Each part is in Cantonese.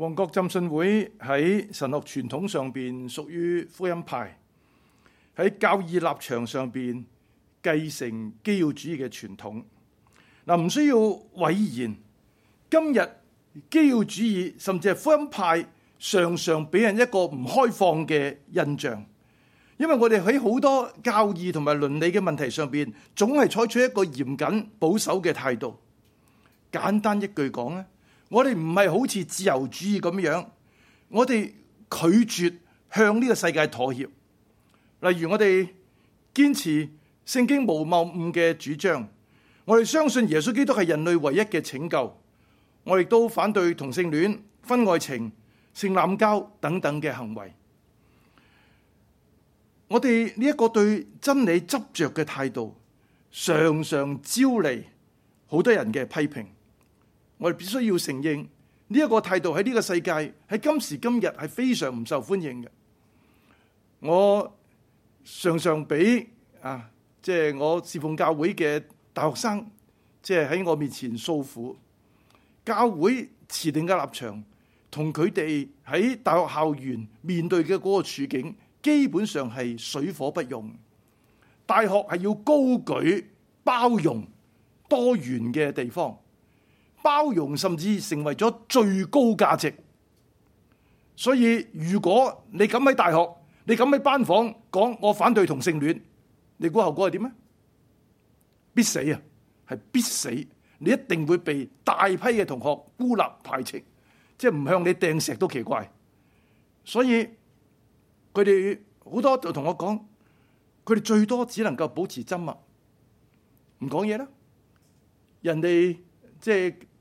旺角浸信會喺神學傳統上邊屬於福音派，喺教義立場上邊繼承基要主義嘅傳統。嗱，唔需要諱言。今日基要主義甚至係福音派，常常俾人一個唔開放嘅印象，因為我哋喺好多教義同埋倫理嘅問題上邊，總係採取一個嚴謹保守嘅態度。簡單一句講咧。我哋唔係好似自由主義咁樣，我哋拒絕向呢個世界妥協。例如，我哋堅持聖經無謬誤嘅主張，我哋相信耶穌基督係人類唯一嘅拯救。我哋都反對同性戀、婚外情、性濫交等等嘅行為。我哋呢一個對真理執着嘅態度，常常招嚟好多人嘅批評。我哋必須要承認呢一個態度喺呢個世界，喺今時今日係非常唔受歡迎嘅。我常常俾啊，即係我侍奉教會嘅大學生，即係喺我面前訴苦。教會設定嘅立場同佢哋喺大學校園面對嘅嗰個處境，基本上係水火不容。大學係要高舉包容多元嘅地方。包容甚至成為咗最高價值，所以如果你敢喺大學，你敢喺班房講我反對同性戀，你估後果係點呢？必死啊，係必死！你一定會被大批嘅同學孤立排斥，即係唔向你掟石都奇怪。所以佢哋好多就同我講，佢哋最多只能夠保持沉默，唔講嘢啦。人哋即係。就是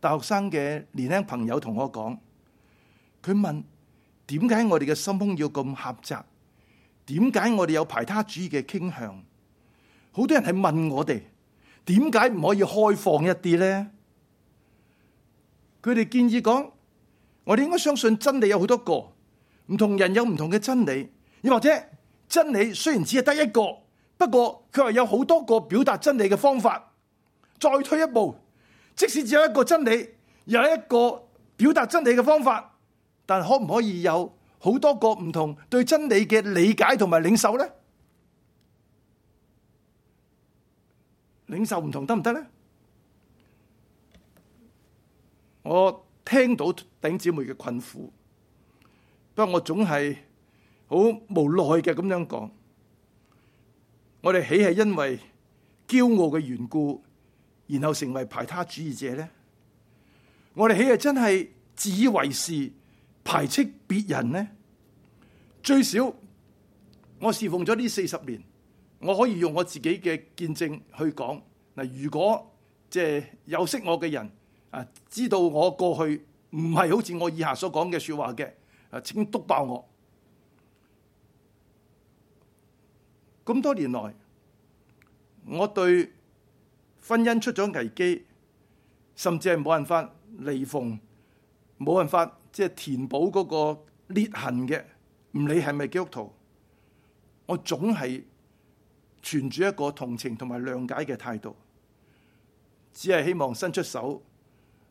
大學生嘅年輕朋友同我講，佢問，點解我哋嘅心胸要咁狹窄？點解我哋有排他主義嘅傾向？好多人係問我哋，點解唔可以開放一啲呢？佢哋建議講，我哋應該相信真理有好多個，唔同人有唔同嘅真理，又或者真理雖然只係得一個，不過佢話有好多個表達真理嘅方法。再退一步。即使只有一個真理，有一個表達真理嘅方法，但可唔可以有好多個唔同對真理嘅理解同埋領受呢？領受唔同得唔得呢？我聽到頂姊妹嘅困苦，不過我總係好無奈嘅咁樣講，我哋豈係因為驕傲嘅緣故？然後成為排他主義者呢？我哋豈係真係自以為是，排斥別人呢？最少我侍奉咗呢四十年，我可以用我自己嘅見證去講嗱。如果即係有識我嘅人啊，知道我過去唔係好似我以下所講嘅說話嘅啊，請督爆我。咁多年來，我對。婚姻出咗危機，甚至係冇辦法彌縫，冇辦法即係填補嗰個裂痕嘅。唔理係咪基督徒，我總係存住一個同情同埋諒解嘅態度，只係希望伸出手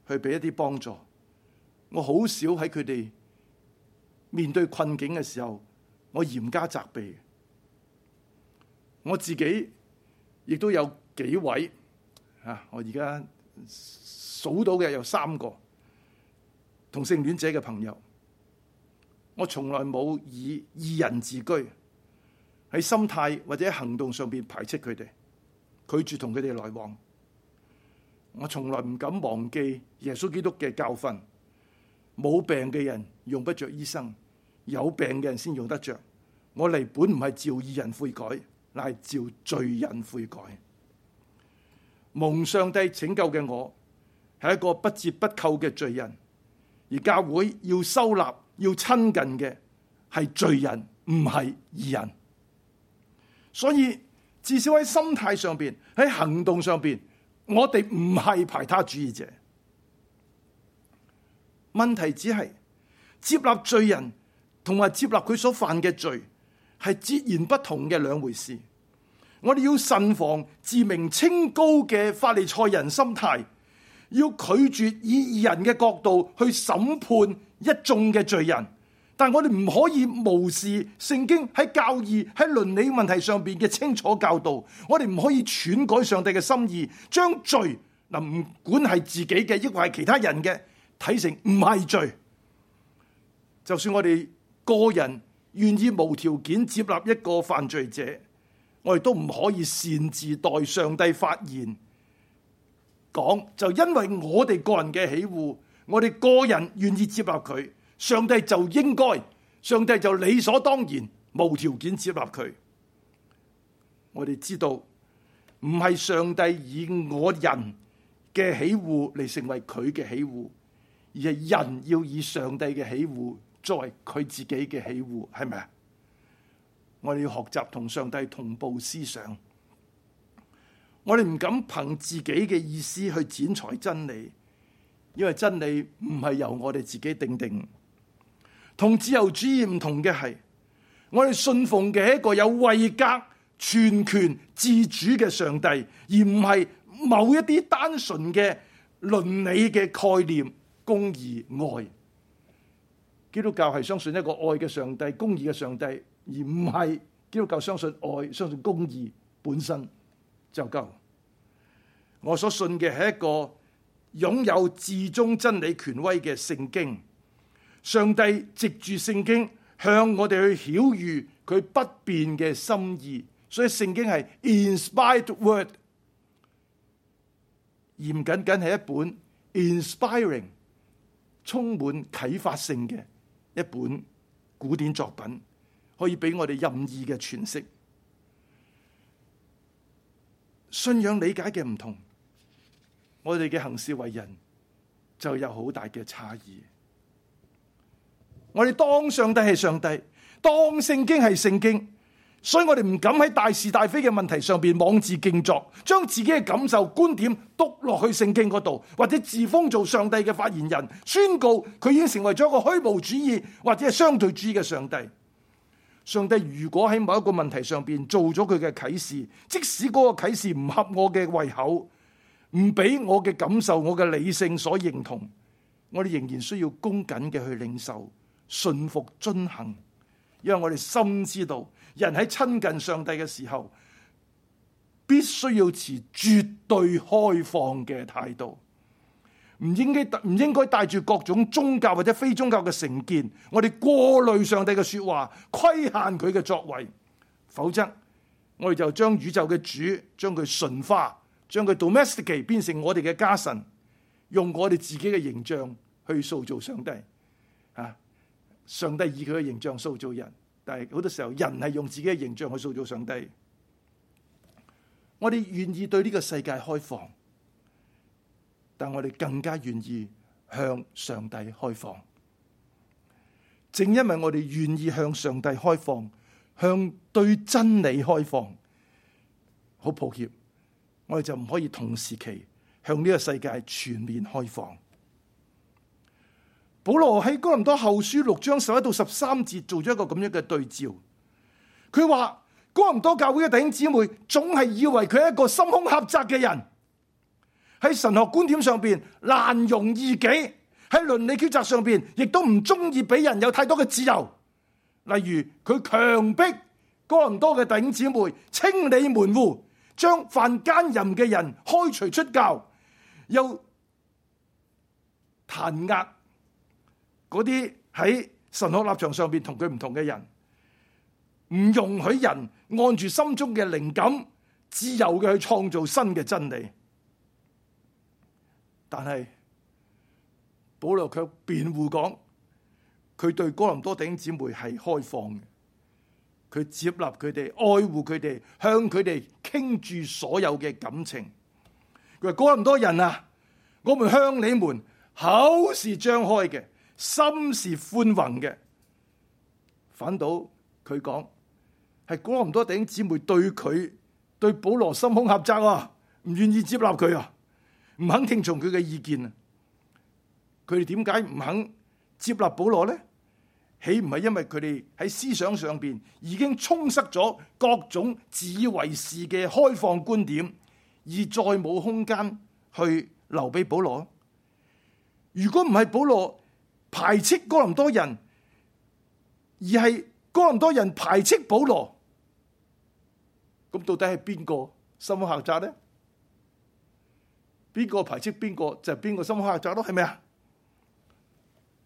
去俾一啲幫助。我好少喺佢哋面對困境嘅時候，我嚴加責備。我自己亦都有幾位。啊！我而家數到嘅有三個同性戀者嘅朋友，我從來冇以義人自居，喺心態或者行動上邊排斥佢哋，拒絕同佢哋來往。我從來唔敢忘記耶穌基督嘅教訓：冇病嘅人用不着醫生，有病嘅人先用得着。」我嚟本唔係召義人悔改，乃係召罪人悔改。蒙上帝拯救嘅我，係一個不折不扣嘅罪人，而教會要收納、要親近嘅係罪人，唔係義人。所以至少喺心態上邊、喺行動上邊，我哋唔係排他主義者。問題只係接納罪人同埋接納佢所犯嘅罪，係截然不同嘅兩回事。我哋要慎防自命清高嘅法利賽人心態，要拒絕以人嘅角度去審判一眾嘅罪人，但我哋唔可以無視聖經喺教義、喺倫理問題上邊嘅清楚教導。我哋唔可以篡改上帝嘅心意，將罪嗱唔管係自己嘅，抑或係其他人嘅，睇成唔係罪。就算我哋個人願意無條件接納一個犯罪者，我哋都唔可以擅自代上帝發言講，就因為我哋個人嘅喜惡，我哋個人願意接納佢，上帝就應該，上帝就理所當然無條件接納佢。我哋知道，唔係上帝以我人嘅喜惡嚟，成為佢嘅喜惡，而係人要以上帝嘅喜惡作為佢自己嘅喜惡，係咪啊？我哋要學習同上帝同步思想，我哋唔敢憑自己嘅意思去剪裁真理，因為真理唔係由我哋自己定定。同自由主義唔同嘅係，我哋信奉嘅係一個有位格、全權、自主嘅上帝，而唔係某一啲單純嘅倫理嘅概念、公義、愛。基督教係相信一個愛嘅上帝、公義嘅上帝。而唔係基督教相信愛、相信公義本身就夠。我所信嘅係一個擁有至終真理權威嘅聖經，上帝藉住聖經向我哋去曉諭佢不變嘅心意，所以聖經係 inspired word，而唔緊緊係一本 inspiring、充滿啟發性嘅一本古典作品。可以俾我哋任意嘅詮釋，信仰理解嘅唔同，我哋嘅行事為人就有好大嘅差異。我哋當上帝係上帝，當聖經係聖經，所以我哋唔敢喺大是大非嘅問題上邊妄自敬作，將自己嘅感受、觀點篤落去聖經嗰度，或者自封做上帝嘅發言人，宣告佢已經成為咗一個虛無主義或者係相對主義嘅上帝。上帝如果喺某一個問題上邊做咗佢嘅啟示，即使嗰個啟示唔合我嘅胃口，唔俾我嘅感受，我嘅理性所認同，我哋仍然需要恭謹嘅去領受、信服、遵行，因為我哋深知道，人喺親近上帝嘅時候，必須要持絕對開放嘅態度。唔應該唔應該帶住各種宗教或者非宗教嘅成見，我哋過濾上帝嘅說話，規限佢嘅作為，否則我哋就將宇宙嘅主，將佢馴化，將佢 domestic 變成我哋嘅家臣，用我哋自己嘅形象去塑造上帝。啊，上帝以佢嘅形象塑造人，但係好多時候人係用自己嘅形象去塑造上帝。我哋願意對呢個世界開放。但我哋更加願意向上帝開放，正因為我哋願意向上帝開放，向對真理開放，好抱歉，我哋就唔可以同時期向呢個世界全面開放。保羅喺哥林多後書六章十一到十三節做咗一個咁樣嘅對照，佢話哥林多教會嘅弟兄姊妹總係以為佢係一個心胸狹窄嘅人。喺神學觀點上邊難容異己，喺倫理抉擇上邊亦都唔中意俾人有太多嘅自由。例如佢強迫哥林多嘅弟兄姊妹清理門戶，將犯奸淫嘅人開除出教，又彈壓嗰啲喺神學立場上邊同佢唔同嘅人，唔容許人按住心中嘅靈感自由嘅去創造新嘅真理。但係保羅卻辯護講，佢對哥林多弟兄姊妹係開放嘅，佢接納佢哋，愛護佢哋，向佢哋傾注所有嘅感情。佢話哥林多人啊，我們向你們口是張開嘅，心是寬宏嘅。反倒佢講係哥林多弟兄姊妹對佢對保羅心胸狹窄啊，唔願意接納佢啊。唔肯聽從佢嘅意見啊！佢哋點解唔肯接納保羅呢？豈唔係因為佢哋喺思想上邊已經充塞咗各種自以為是嘅開放觀點，而再冇空間去留俾保羅？如果唔係保羅排斥哥林多人，而係哥林多人排斥保羅，咁到底係邊個心胸狹窄呢？邊個排斥邊個就係邊個心胸狹窄咯，係咪啊？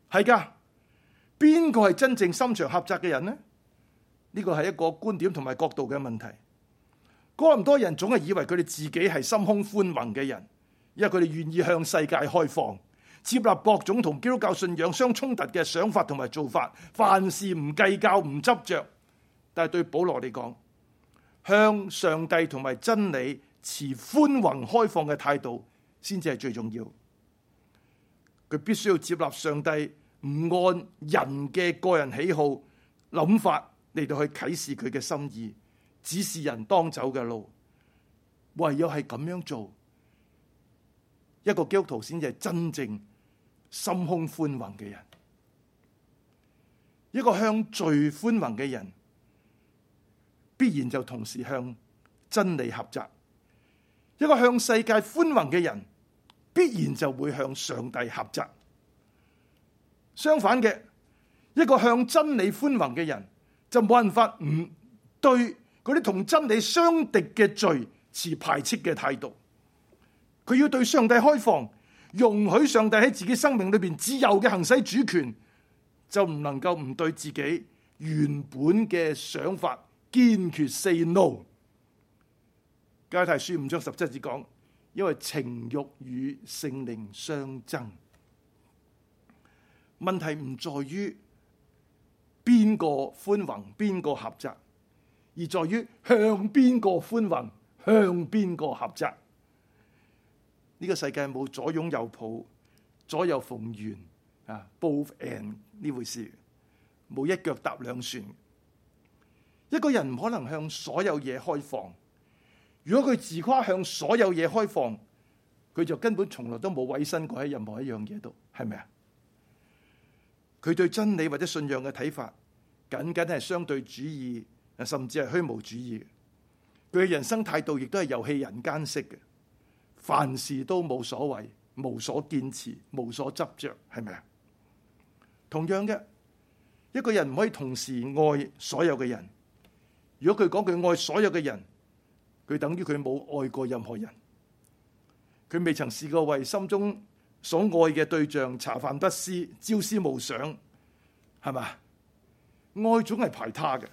係噶，邊個係真正心腸狹窄嘅人呢？呢個係一個觀點同埋角度嘅問題。咁多人總係以為佢哋自己係心胸寬宏嘅人，因為佢哋願意向世界開放，接納各種同基督教信仰相衝突嘅想法同埋做法，凡事唔計較唔執着。但係對保羅嚟講，向上帝同埋真理持寬宏開放嘅態度，先至係最重要。佢必須要接納上帝，唔按人嘅個人喜好諗法嚟到去啟示佢嘅心意，指示人當走嘅路。唯有係咁樣做，一個基督徒先至係真正心胸寬宏嘅人。一個向罪寬宏嘅人，必然就同時向真理狹窄。一個向世界寬宏嘅人，必然就會向上帝狹窄。相反嘅，一個向真理寬宏嘅人，就冇辦法唔對嗰啲同真理相敵嘅罪持排斥嘅態度。佢要對上帝開放，容許上帝喺自己生命裏邊自由嘅行使主權，就唔能夠唔對自己原本嘅想法堅決 say no。加拉太書五章十七節講。因為情欲與聖靈相爭，問題唔在於邊個寬宏邊個狹窄，而在於向邊個寬宏向邊個狹窄。呢個世界冇左擁右抱、左右逢源啊，both and 呢回事，冇一腳踏兩船。一個人唔可能向所有嘢開放。如果佢自誇向所有嘢開放，佢就根本從來都冇委身過喺任何一樣嘢度，係咪啊？佢對真理或者信仰嘅睇法，僅僅係相對主義，甚至係虛無主義。佢嘅人生態度亦都係遊戲人間式嘅，凡事都冇所謂，無所堅持，無所執着，係咪啊？同樣嘅，一個人唔可以同時愛所有嘅人。如果佢講佢愛所有嘅人。佢等於佢冇愛過任何人，佢未曾試過為心中所愛嘅對象茶飯不思、朝思暮想，係嘛？愛總係排他嘅。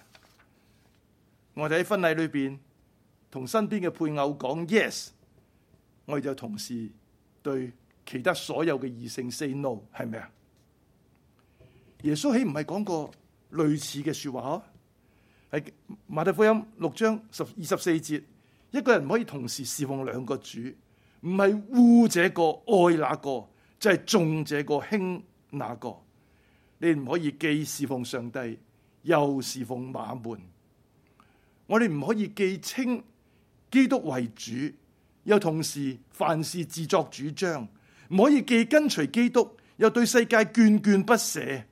我哋喺婚禮裏邊同身邊嘅配偶講 yes，我哋就同時對其他所有嘅異性 say no，係咪啊？耶穌豈唔係講過類似嘅說話啊？喺馬太福音六章十二十四節。一個人唔可以同時侍奉兩個主，唔係惡這個愛那個，就係、是、重這個輕那個。你唔可以既侍奉上帝，又侍奉馬門。我哋唔可以既稱基督為主，又同時凡事自作主張。唔可以既跟隨基督，又對世界眷眷不捨。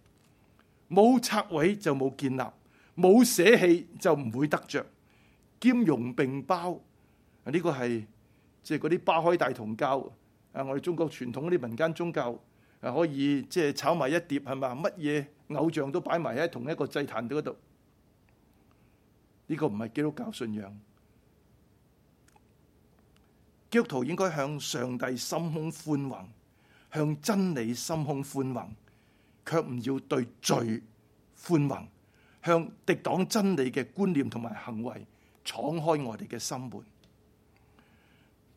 冇拆毀就冇建立，冇捨棄就唔會得着。兼容並包。呢個係即係啲巴開大同教啊！我哋中國傳統嗰啲民間宗教啊，可以即係炒埋一碟係嘛？乜嘢偶像都擺埋喺同一個祭壇度。呢個唔係基督教信仰。基督徒應該向上帝心胸寬宏，向真理心胸寬宏，卻唔要對罪寬宏，向敵擋真理嘅觀念同埋行為敞開我哋嘅心門。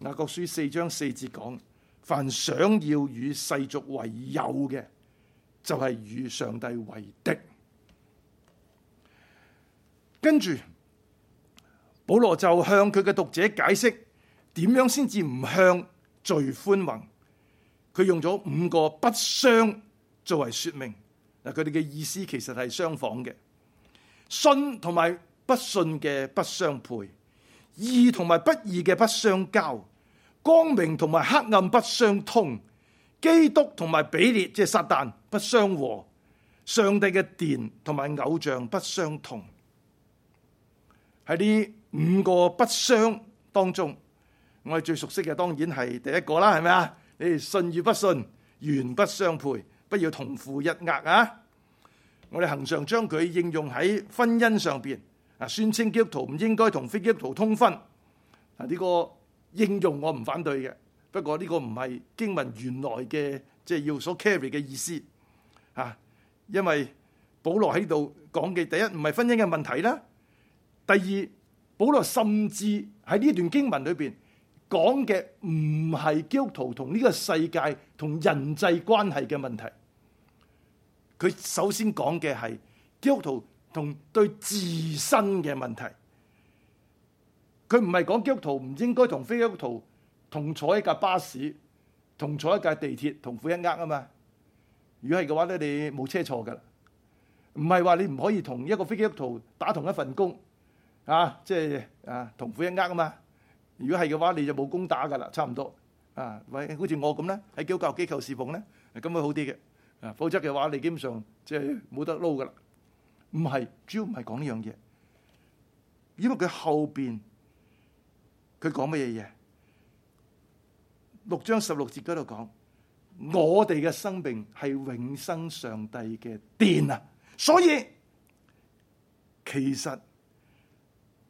雅各書四章四節講：凡想要與世俗為友嘅，就係、是、與上帝為敵。跟住，保羅就向佢嘅讀者解釋點樣先至唔向罪寬宏。佢用咗五個不相作為說明。嗱，佢哋嘅意思其實係相仿嘅。信同埋不信嘅不相配，義同埋不義嘅不相交。光明同埋黑暗不相通，基督同埋彼列即係撒但不相和，上帝嘅殿同埋偶像不相同。喺呢五個不相當中，我哋最熟悉嘅當然係第一個啦，係咪啊？你哋信與不信，原不相配，不要同負一軛啊我哋恆常將佢應用喺婚姻上邊啊，宣稱基督徒唔應該同非基督徒通婚啊，呢、呢個。應用我唔反對嘅，不過呢個唔係經文原來嘅，即係要所 carry 嘅意思啊。因為保羅喺度講嘅第一唔係婚姻嘅問題啦，第二保羅甚至喺呢段經文裏邊講嘅唔係基督徒同呢個世界同人際關係嘅問題，佢首先講嘅係基督徒同對自身嘅問題。佢唔係講基督徒唔應該同非基督徒同坐一架巴士，同坐一架地鐵同負一軛啊嘛！如果係嘅話咧，你冇車錯噶啦。唔係話你唔可以同一個非基督徒打同一份工啊，即係啊同負一軛啊嘛！如果係嘅話，你就冇工打噶啦，差唔多啊。喂，好似我咁咧，喺基督教機構侍奉咧，咁會好啲嘅啊。否則嘅話，你基本上即係冇得撈噶啦。唔係，主要唔係講呢樣嘢，因為佢後邊。佢講乜嘢嘢？六章十六節嗰度講，我哋嘅生命係永生上帝嘅殿啊！所以其實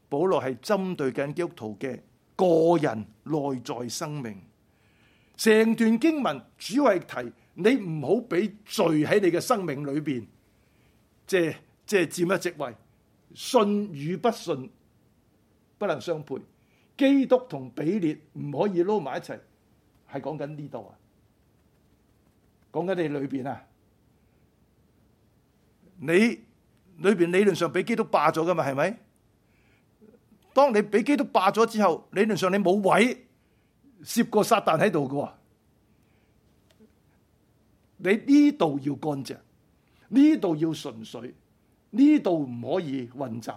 保羅係針對緊基督徒嘅個人內在生命。成段經文主要係提你唔好俾罪喺你嘅生命裏邊，借借佔一席位。信與不信不能相配。基督同比列唔可以撈埋一齊，係講緊呢度啊！講緊你裏邊啊，你裏邊理論上俾基督霸咗噶嘛？係咪？當你俾基督霸咗之後，理論上你冇位攝過撒旦喺度噶，你呢度要乾淨，呢度要純粹，呢度唔可以混雜。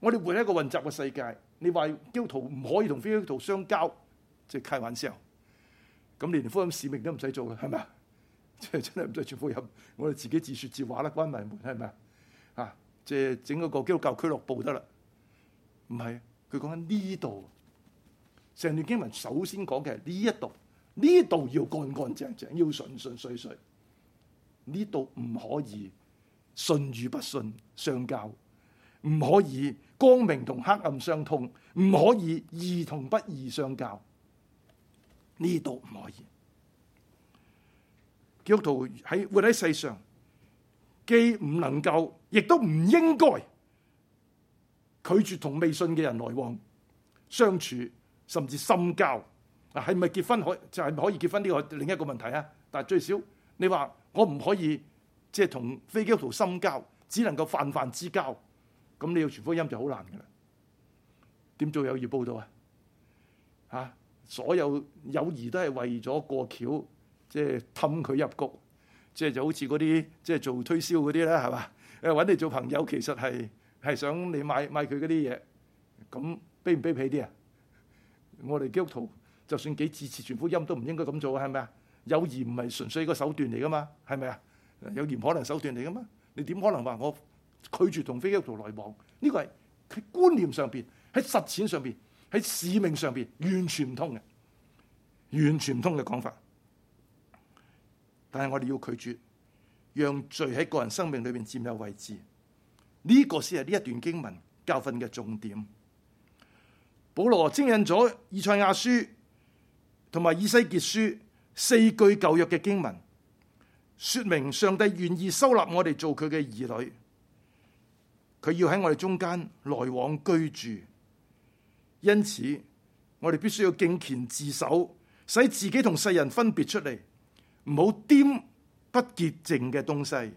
我哋活喺一個混雜嘅世界。你話基督徒唔可以同非基督徒相交，即係開玩笑。咁連福音使命都唔使做啦，係咪啊？即係真係唔使傳福音，我哋自己自説自話啦，關埋門係咪啊？啊，即係整一個基督教俱樂部得啦。唔係，佢講緊呢度。成段經文首先講嘅係呢一度，呢度要乾乾淨淨，要純純粹粹。呢度唔可以信與不信相交。唔可以光明同黑暗相通，唔可以義同不義相交。呢度唔可以。基督徒喺活喺世上，既唔能夠，亦都唔應該拒絕同未信嘅人來往相處，甚至深交。啊，係咪結婚可就係唔可以結婚，這個？呢個另一個問題啊。但最少你話我唔可以即係同非基督徒深交，只能夠泛泛之交。咁你要傳福音就好難噶啦，點做友誼報道啊？嚇，所有友誼都係為咗過橋，即係氹佢入局，即係就好似嗰啲即係做推銷嗰啲咧，係嘛？誒，揾你做朋友，其實係係想你買買佢嗰啲嘢，咁卑唔卑鄙啲啊？我哋基督徒就算幾支持傳福音，都唔應該咁做啊，係咪啊？友誼唔係純粹一個手段嚟噶嘛，係咪啊？友誼可能手段嚟噶嘛，你點可能話我？拒絕同非信徒來往，呢個係佢觀念上邊喺，實踐上邊喺，使命上邊完全唔通嘅，完全唔通嘅講法。但係我哋要拒絕讓罪喺個人生命裏邊佔有位置，呢個先係呢一段經文教訓嘅重點。保羅徵引咗以賽亞書同埋以西結書四句舊約嘅經文，說明上帝願意收納我哋做佢嘅兒女。佢要喺我哋中間來往居住，因此我哋必須要敬虔自守，使自己同世人分別出嚟，唔好掂不潔淨嘅東西，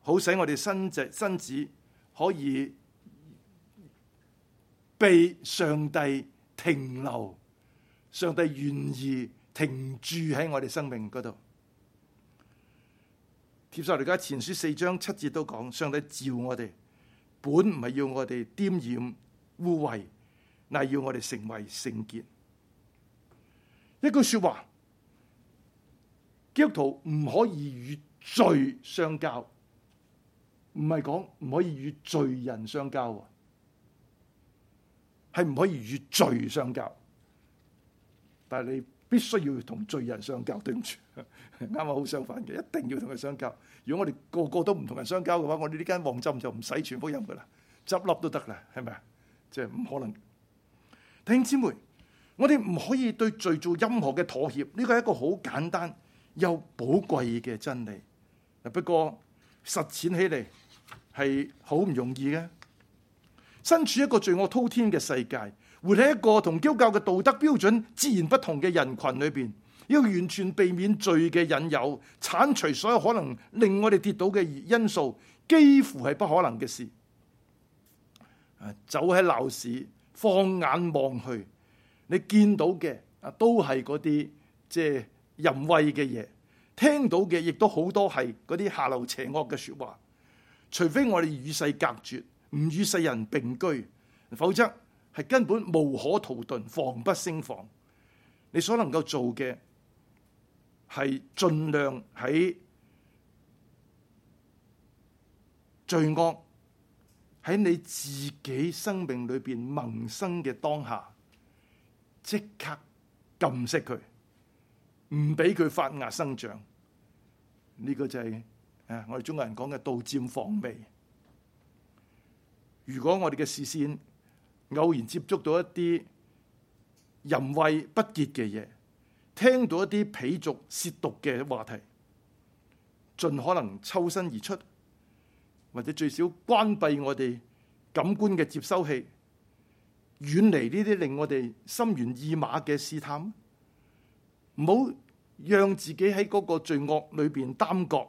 好使我哋身子身子可以被上帝停留，上帝願意停駐喺我哋生命嗰度。帖撒羅尼迦前書四章七節都講，上帝召我哋。本唔係要我哋沾染污穢，乃要我哋成為聖潔。一句說話，基督徒唔可以與罪相交，唔係講唔可以與罪人相交啊，係唔可以與罪相交。但係你。必須要同罪人相交，對唔住，啱啱好相反嘅，一定要同佢相交。如果我哋個個都唔同人相交嘅話，我哋呢間旺浸就唔使傳福音噶啦，執笠都得啦，係咪啊？即係唔可能。弟兄姊妹，我哋唔可以對罪做任何嘅妥協。呢個係一個好簡單又寶貴嘅真理。不過實踐起嚟係好唔容易嘅。身處一個罪惡滔天嘅世界，活喺一個同基督教嘅道德標準截然不同嘅人群裏邊，要完全避免罪嘅引誘，鏟除所有可能令我哋跌倒嘅因素，幾乎係不可能嘅事。走喺鬧市，放眼望去，你見到嘅啊都係嗰啲即係淫穢嘅嘢，聽到嘅亦都好多係嗰啲下流邪惡嘅說話。除非我哋與世隔絕，唔與世人並居，否則。係根本無可逃遁，防不勝防。你所能夠做嘅係盡量喺罪惡喺你自己生命裏邊萌生嘅當下，即刻撳熄佢，唔俾佢發芽生長。呢、這個就係啊，我哋中國人講嘅杜漸防微。如果我哋嘅視線偶然接觸到一啲淫穢不潔嘅嘢，聽到一啲鄙俗褻瀆嘅話題，盡可能抽身而出，或者最少關閉我哋感官嘅接收器，遠離呢啲令我哋心猿意馬嘅試探。唔好讓自己喺嗰個罪惡裏邊耽擱。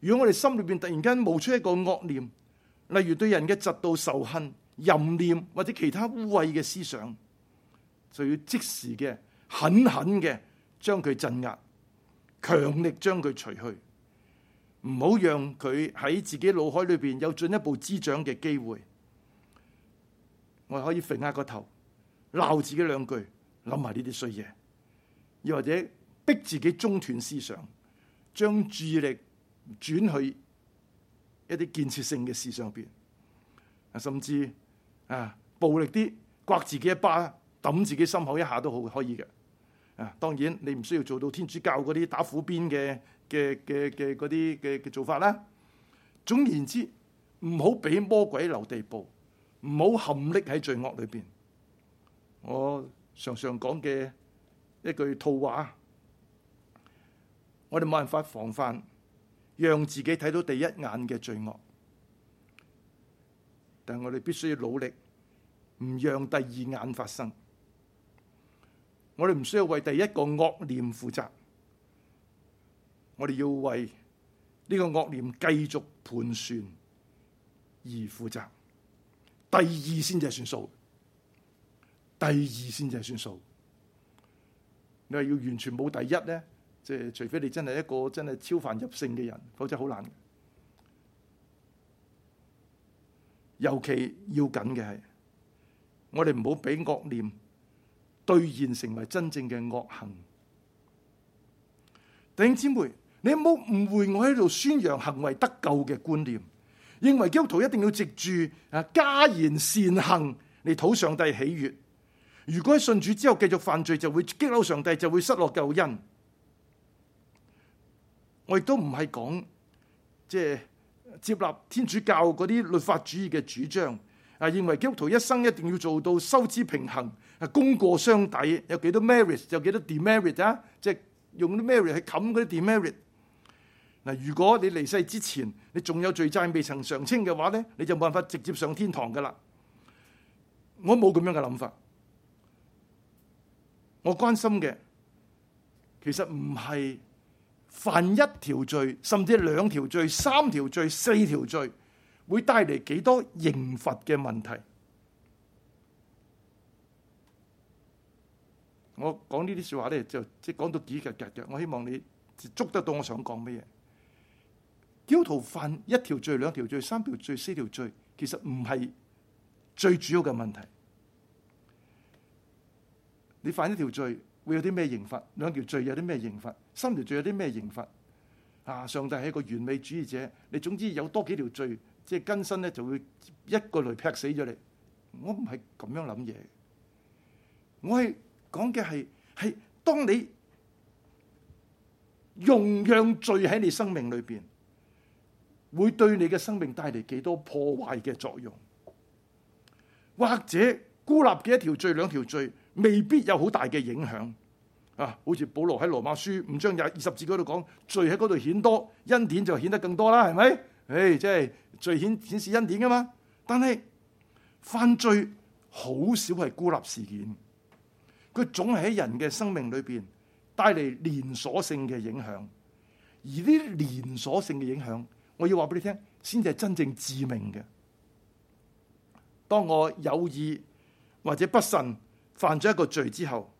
如果我哋心裏邊突然間冒出一個惡念，例如對人嘅嫉妒仇恨。淫念或者其他污穢嘅思想，就要即時嘅狠狠嘅將佢鎮壓，強力將佢除去，唔好讓佢喺自己腦海裏邊有進一步滋長嘅機會。我可以甩下個頭，鬧自己兩句，諗埋呢啲衰嘢，又或者逼自己中斷思想，將注意力轉去一啲建設性嘅思想。邊，甚至。啊！暴力啲，刮自己一巴，揼自己心口一下都好可以嘅。啊，當然你唔需要做到天主教嗰啲打苦鞭嘅嘅嘅嘅啲嘅嘅做法啦。總言之，唔好俾魔鬼留地步，唔好陷溺喺罪惡裏邊。我常常講嘅一句套話，我哋冇辦法防範，讓自己睇到第一眼嘅罪惡。但係我哋必須要努力，唔讓第二眼發生。我哋唔需要為第一個惡念負責，我哋要為呢個惡念繼續盤旋而負責。第二先至係算數，第二先至係算數。你話要完全冇第一呢？即係除非你真係一個真係超凡入聖嘅人，否則好難。尤其要緊嘅係，我哋唔好俾惡念兌現成為真正嘅惡行。弟兄姊妹，你唔好誤會我喺度宣揚行為得救嘅觀念，認為基督徒一定要藉住，啊，佳言善行嚟討上帝喜悅。如果喺信主之後繼續犯罪，就會激嬲上帝，就會失落救恩。我亦都唔係講即係。接納天主教嗰啲律法主義嘅主張，啊，認為基督徒一生一定要做到收支平衡，it, 啊，功過相抵，有幾多 merit 有幾多 demerit 啊，即係用啲 merit 去冚嗰啲 demerit。嗱，如果你離世之前你仲有罪債未曾償清嘅話咧，你就冇辦法直接上天堂噶啦。我冇咁樣嘅諗法，我關心嘅其實唔係。犯一條罪，甚至兩條罪、三條罪、四條罪，會帶嚟幾多刑罰嘅問題？我講呢啲説話咧，就即係講到幾腳腳腳。我希望你捉得到我想講乜嘢。基督徒犯一條罪、兩條罪、三條罪、四條罪，其實唔係最主要嘅問題。你犯一條罪，會有啲咩刑罰？兩條罪有啲咩刑罰？三條罪有啲咩刑罰？啊！上帝係一個完美主義者，你總之有多幾條罪，即係根身咧就會一個雷劈死咗你。我唔係咁樣諗嘢，我係講嘅係係當你容讓罪喺你生命裏邊，會對你嘅生命帶嚟幾多破壞嘅作用，或者孤立嘅一條罪、兩條罪。未必有好大嘅影響啊！好似保羅喺羅馬書五章廿二十節嗰度講，罪喺嗰度顯多，恩典就顯得更多啦，係咪？誒，即係罪顯顯示恩典噶嘛？但係犯罪好少係孤立事件，佢總係喺人嘅生命裏邊帶嚟連鎖性嘅影響，而呢啲連鎖性嘅影響，我要話俾你聽，先至係真正致命嘅。當我有意或者不慎。犯咗一個罪之後，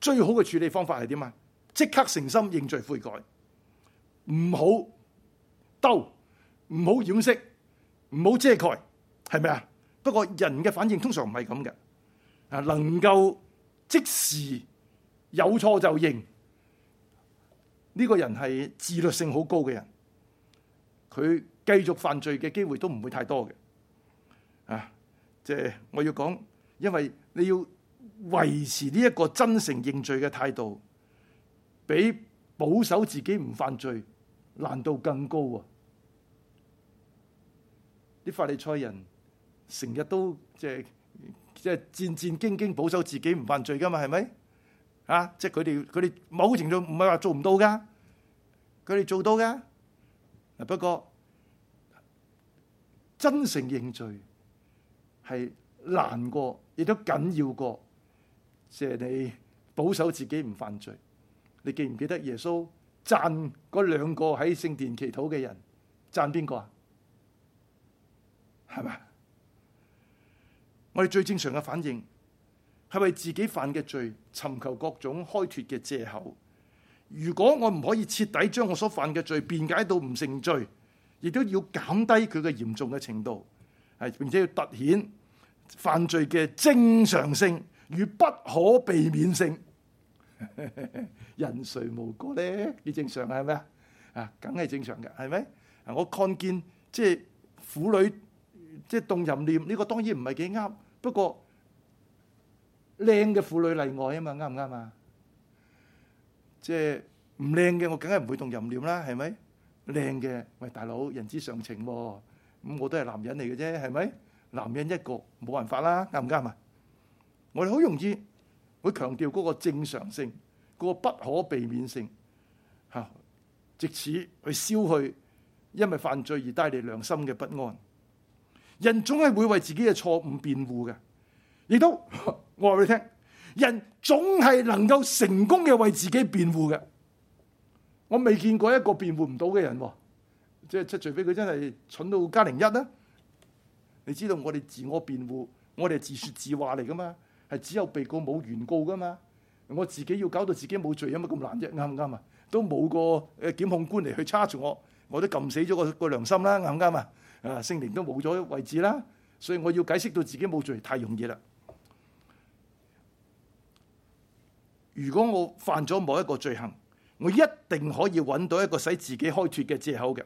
最好嘅處理方法係點啊？即刻誠心認罪悔改，唔好兜，唔好掩飾，唔好遮蓋，係咪啊？不過人嘅反應通常唔係咁嘅，啊，能夠即時有錯就認，呢個人係自律性好高嘅人，佢繼續犯罪嘅機會都唔會太多嘅，啊！即係我要講，因為你要。維持呢一個真誠認罪嘅態度，比保守自己唔犯罪難度更高啊！啲法利賽人成日都即係即係戰戰兢兢保守自己唔犯罪噶嘛，係咪啊？即係佢哋佢哋某程度唔係話做唔到噶，佢哋做到噶。不過真誠認罪係難過，亦都緊要過。謝你保守自己唔犯罪，你記唔記得耶穌讚嗰兩個喺聖殿祈禱嘅人？讚邊個啊？係咪？我哋最正常嘅反應係為自己犯嘅罪尋求各種開脱嘅藉口。如果我唔可以徹底將我所犯嘅罪辯解到唔成罪，亦都要減低佢嘅嚴重嘅程度，係並且要突顯犯罪嘅正常性。與不可避免性，人誰無過咧，幾正常啊？係咪啊？啊，梗係正常嘅，係咪？我看見即係婦女即係動淫念，呢個當然唔係幾啱，不過靚嘅婦女例外啊嘛，啱唔啱啊？即係唔靚嘅，我梗係唔會動淫念啦，係咪？靚嘅喂，大佬，人之常情喎，咁我都係男人嚟嘅啫，係咪？男人一個冇辦法啦，啱唔啱啊？我哋好容易會強調嗰個正常性、嗰個不可避免性，嚇，藉此去消去因為犯罪而帶嚟良心嘅不安。人總係會為自己嘅錯誤辯護嘅，亦都我話畀你聽，人總係能夠成功嘅為自己辯護嘅。我未見過一個辯護唔到嘅人，即係即係除非佢真係蠢到加零一啦，啊。你知道我哋自我辯護，我哋自説自話嚟噶嘛？係只有被告冇原告噶嘛？我自己要搞到自己冇罪有乜咁難啫？啱唔啱啊？都冇個誒檢控官嚟，去叉住我，我都撳死咗個個良心啦，啱唔啱啊？啊，聖靈都冇咗位置啦，所以我要解釋到自己冇罪太容易啦。如果我犯咗某一個罪行，我一定可以揾到一個使自己開脫嘅借口嘅。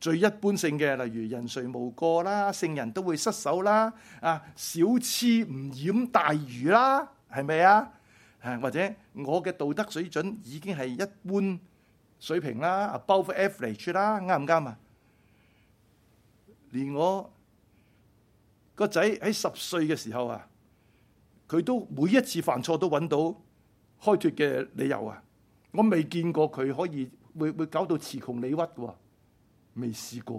最一般性嘅，例如人誰無過啦，聖人都會失手啦，啊，小刺唔掩大魚啦，係咪啊？或者我嘅道德水準已經係一般水平啦，啊 above average 啦，啱唔啱啊？連我個仔喺十歲嘅時候啊，佢都每一次犯錯都揾到開脱嘅理由啊！我未見過佢可以會會搞到詞窮理屈喎。未試過，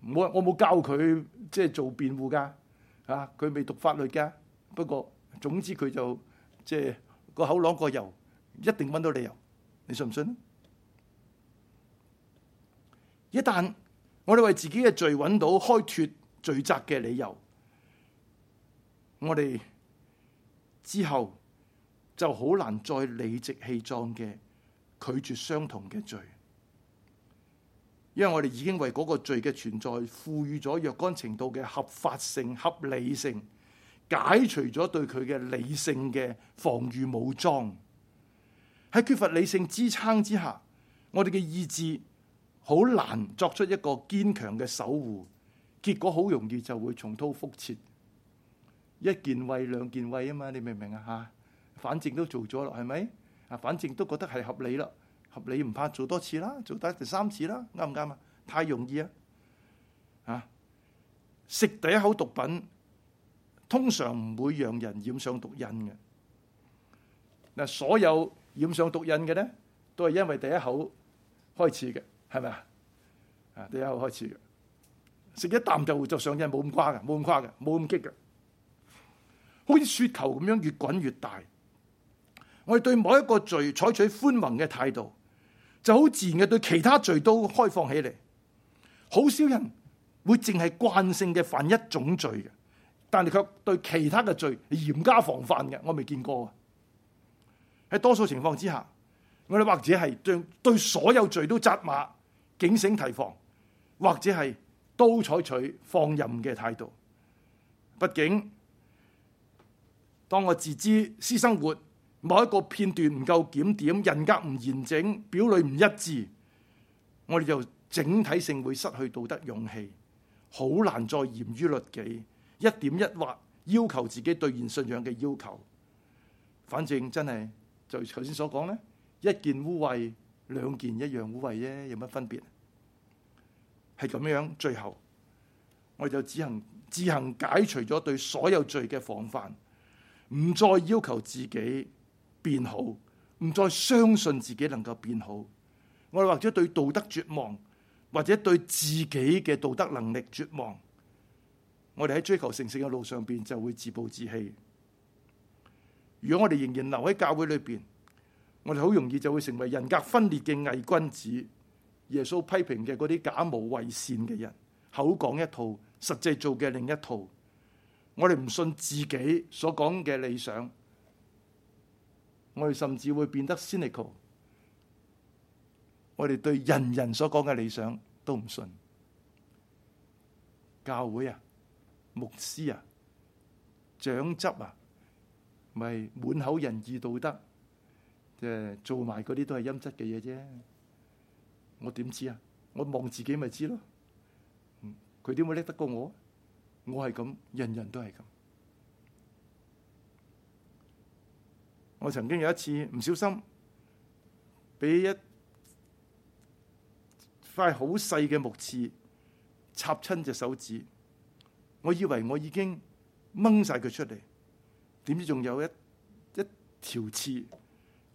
我我冇教佢即係做辯護噶，啊，佢未讀法律嘅。不過總之佢就即係個口朗個油，一定搵到理由，你信唔信？一旦我哋為自己嘅罪搵到開脫罪責嘅理由，我哋之後就好難再理直氣壯嘅拒絕相同嘅罪。因為我哋已經為嗰個罪嘅存在賦予咗若干程度嘅合法性、合理性，解除咗對佢嘅理性嘅防禦武裝。喺缺乏理性支撐之下，我哋嘅意志好難作出一個堅強嘅守護，結果好容易就會重蹈覆轍。一件位兩件位啊嘛，你明唔明啊？嚇，反正都做咗咯，係咪？啊，反正都覺得係合理啦。你唔怕做多次啦，做得第三次啦，啱唔啱啊？太容易啊！啊，食第一口毒品，通常唔會讓人染上毒癮嘅。嗱，所有染上毒癮嘅咧，都係因為第一口開始嘅，係咪啊？啊，第一口開始嘅，食一啖就會就上癮，冇咁誇嘅，冇咁誇嘅，冇咁激嘅，好似雪球咁樣越滾越大。我哋對某一個罪採取寬宏嘅態度。就好自然嘅，對其他罪都開放起嚟。好少人會淨係慣性嘅犯一種罪嘅，但係卻對其他嘅罪嚴加防範嘅。我未見過啊！喺多數情況之下，我哋或者係對對所有罪都責罵、警醒提防，或者係都採取放任嘅態度。畢竟，當我自知私生活。某一個片段唔夠檢點，人格唔完整，表裏唔一致，我哋就整體性會失去道德勇氣，好難再嚴於律己，一點一劃要求自己兌現信仰嘅要求。反正真係就頭先所講呢：一件污穢，兩件一樣污穢啫，有乜分別？係咁樣，最後我哋就自行自行解除咗對所有罪嘅防範，唔再要求自己。變好，唔再相信自己能夠變好，我哋或者對道德絕望，或者對自己嘅道德能力絕望，我哋喺追求成聖嘅路上邊就會自暴自棄。如果我哋仍然留喺教會裏邊，我哋好容易就會成為人格分裂嘅偽君子。耶穌批評嘅嗰啲假冒為善嘅人，口講一套，實際做嘅另一套。我哋唔信自己所講嘅理想。我哋甚至會變得 cynical，我哋對人人所講嘅理想都唔信。教會啊，牧師啊，長執啊，咪滿口仁義道德，即係做埋嗰啲都係陰質嘅嘢啫。我點知啊？我望自己咪知咯。嗯，佢點會叻得過我？我係咁，人人都係咁。我曾經有一次唔小心，俾一塊好細嘅木刺插親隻手指，我以為我已經掹晒佢出嚟，點知仲有一一條刺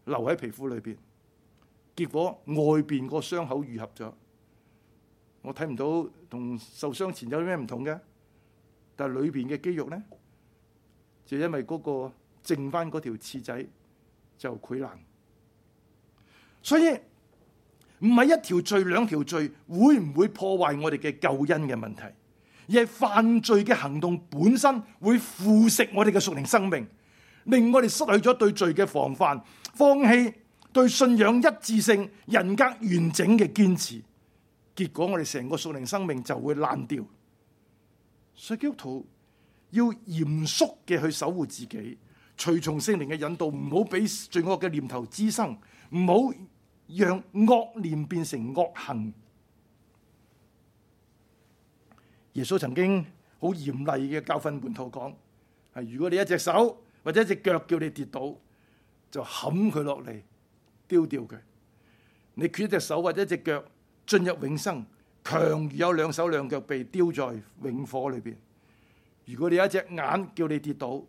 留喺皮膚裏邊。結果外邊個傷口愈合咗，我睇唔到同受傷前有咩唔同嘅，但係裏邊嘅肌肉咧，就因為嗰個。剩翻嗰條刺仔就潰爛，所以唔係一條罪兩條罪，會唔會破壞我哋嘅救恩嘅問題？而係犯罪嘅行動本身會腐蝕我哋嘅屬靈生命，令我哋失去咗對罪嘅防範，放棄對信仰一致性、人格完整嘅堅持，結果我哋成個屬靈生命就會爛掉。所以基督徒要嚴肅嘅去守護自己。隨從聖靈嘅引導，唔好俾罪惡嘅念頭滋生，唔好讓惡念變成惡行。耶穌曾經好嚴厲嘅教訓門徒講：啊，如果你一隻手或者一隻腳叫你跌倒，就冚佢落嚟，丟掉佢。你缺一隻手或者一隻腳，進入永生，強如有兩手兩腳被丟在永火裡面。如果你有一隻眼叫你跌倒，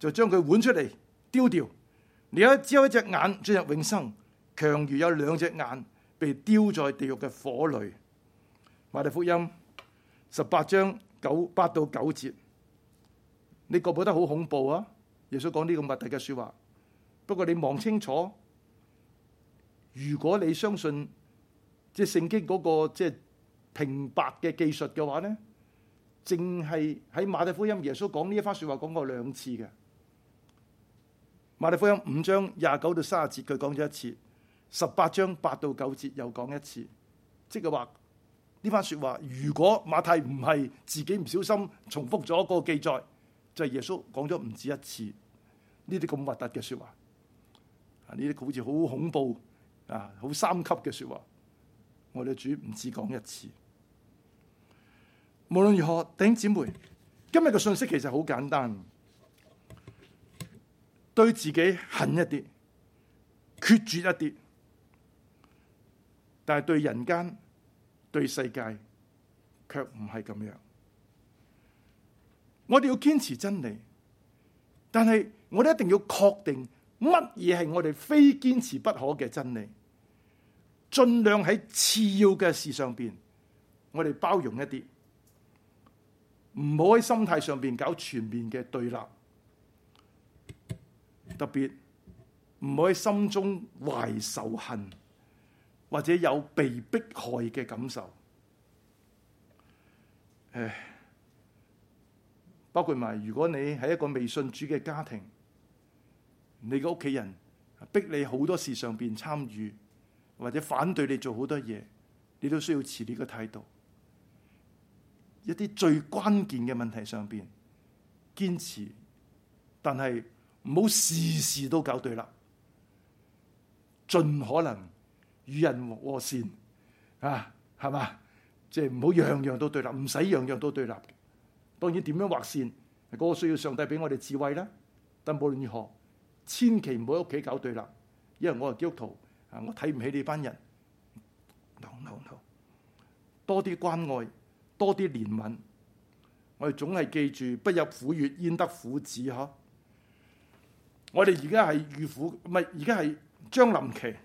就將佢換出嚟丟掉，你有只有一隻眼進入永生，強如有兩隻眼被丟在地獄嘅火裏。馬太福音十八章九八到九節，你覺唔覺得好恐怖啊？耶穌講呢個物體嘅説話，不過你望清楚，如果你相信即係聖經嗰、那個即係、就是、平白嘅技術嘅話咧，淨係喺馬太福音耶穌講呢一番説話講過兩次嘅。馬太福音五章廿九到卅節，佢講咗一次；十八章八到九節又講一次。即係話呢番說話，如果馬太唔係自己唔小心重複咗個記載，就係耶穌講咗唔止一次呢啲咁核突嘅說話。啊，呢啲好似好恐怖啊，好三級嘅說話。我哋主唔止講一次。無論如何，弟兄姊妹，今日嘅信息其實好簡單。對自己狠一啲，決絕一啲，但係對人間、對世界，卻唔係咁樣。我哋要堅持真理，但係我哋一定要確定乜嘢係我哋非堅持不可嘅真理。盡量喺次要嘅事上邊，我哋包容一啲，唔好喺心態上邊搞全面嘅對立。特別唔可以心中懷仇恨，或者有被迫害嘅感受。誒，包括埋如果你喺一個未信主嘅家庭，你個屋企人逼你好多事上面參與，或者反對你做好多嘢，你都需要持呢個態度。一啲最關鍵嘅問題上面堅持，但係，唔好事事都搞對立，盡可能與人和善啊，係嘛？即係唔好樣樣都對立，唔使樣樣都對立。當然點樣劃線，個、嗰個需要上帝俾我哋智慧啦。但無論如何，千祈唔好喺屋企搞對立，因為我係基督徒啊，我睇唔起呢班人。No no no，多啲關愛，多啲憐憫。我哋總係記住：不入虎穴，焉得虎子？嗬！我哋而家係預苦，唔係，而家係將臨期。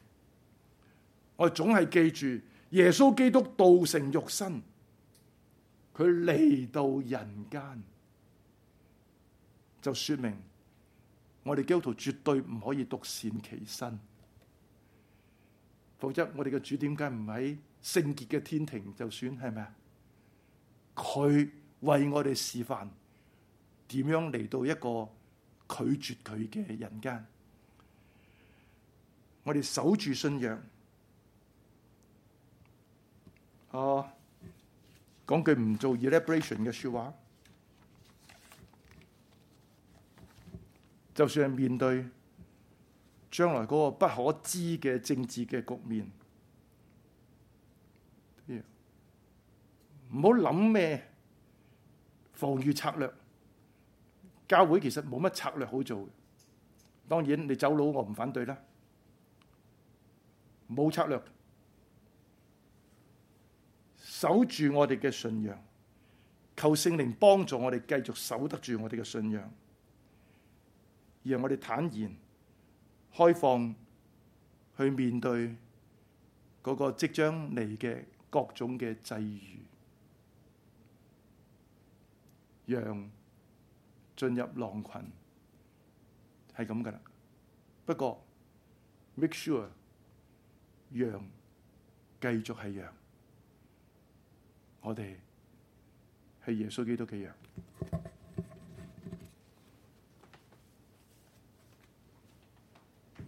我哋總係記住耶穌基督道成肉身，佢嚟到人間，就說明我哋基督徒絕對唔可以獨善其身，否則我哋嘅主點解唔喺聖潔嘅天庭？就算係咪啊？佢為我哋示範點樣嚟到一個，拒絕佢嘅人間，我哋守住信仰。哦、啊，講句唔做 elaboration 嘅說話，就算係面對將來嗰個不可知嘅政治嘅局面，唔好諗咩防禦策略。教會其實冇乜策略好做，當然你走佬我唔反對啦。冇策略，守住我哋嘅信仰，求聖靈幫助我哋繼續守得住我哋嘅信仰，讓我哋坦然開放去面對嗰個即將嚟嘅各種嘅際遇，讓。進入狼群係咁噶啦，不過 make sure 羊繼續係羊，我哋係耶穌基督嘅羊。